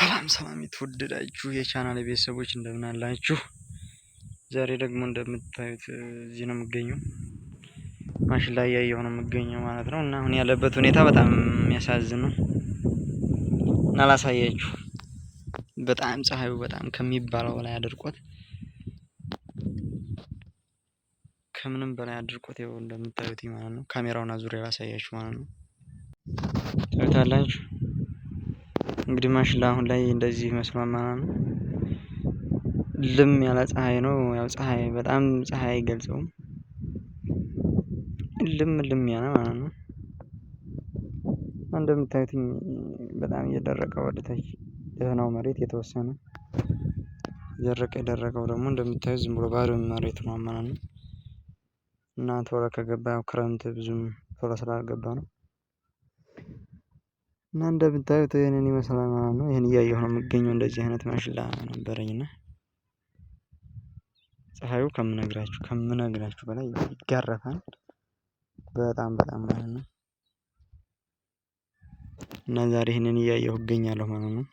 ሰላም ሰላም የተወደዳችሁ የቻናል ቤተሰቦች እንደምን አላችሁ? ዛሬ ደግሞ እንደምታዩት እዚህ ነው የምገኘው፣ ላይ እያየሁ ነው የምገኘው ማለት ነው። እና አሁን ያለበት ሁኔታ በጣም የሚያሳዝን ነው እና አላሳያችሁ፣ በጣም ፀሐዩ በጣም ከሚባለው በላይ አድርቆት፣ ከምንም በላይ አድርቆት ይኸው እንደምታዩት ማለት ነው። ካሜራውን አዙሪያ ላሳያችሁ ማለት ነው ታዩታላችሁ እንግዲህ ማሽላ አሁን ላይ እንደዚህ መስሎ ነው። ልም ያለ ፀሐይ ነው። ያው ፀሐይ በጣም ፀሐይ አይገልጸውም። ልም ልም ያለ ማለት ነው። እንደምታዩት በጣም እየደረቀ ወደ ታች ደህናው መሬት የተወሰነ እየደረቀ የደረቀው ደግሞ እንደምታዩት ዝም ብሎ ባዶ መሬት ነው ማለት ነው። እና ቶሎ ከገባ ያው ክረምት ብዙም ቶሎ ስላልገባ ነው። እና እንደምታዩት ይህንን ይመስላል ማለት ነው። ይህን እያየሁ ነው የምገኘው። እንደዚህ አይነት ማሽላ ነበረኝ እና ፀሐዩ ከምነግራችሁ ከምነግራችሁ በላይ ይጋረፋል በጣም በጣም ማለት ነው። እና ዛሬ ይህንን እያየሁ እገኛለሁ ማለት ነው።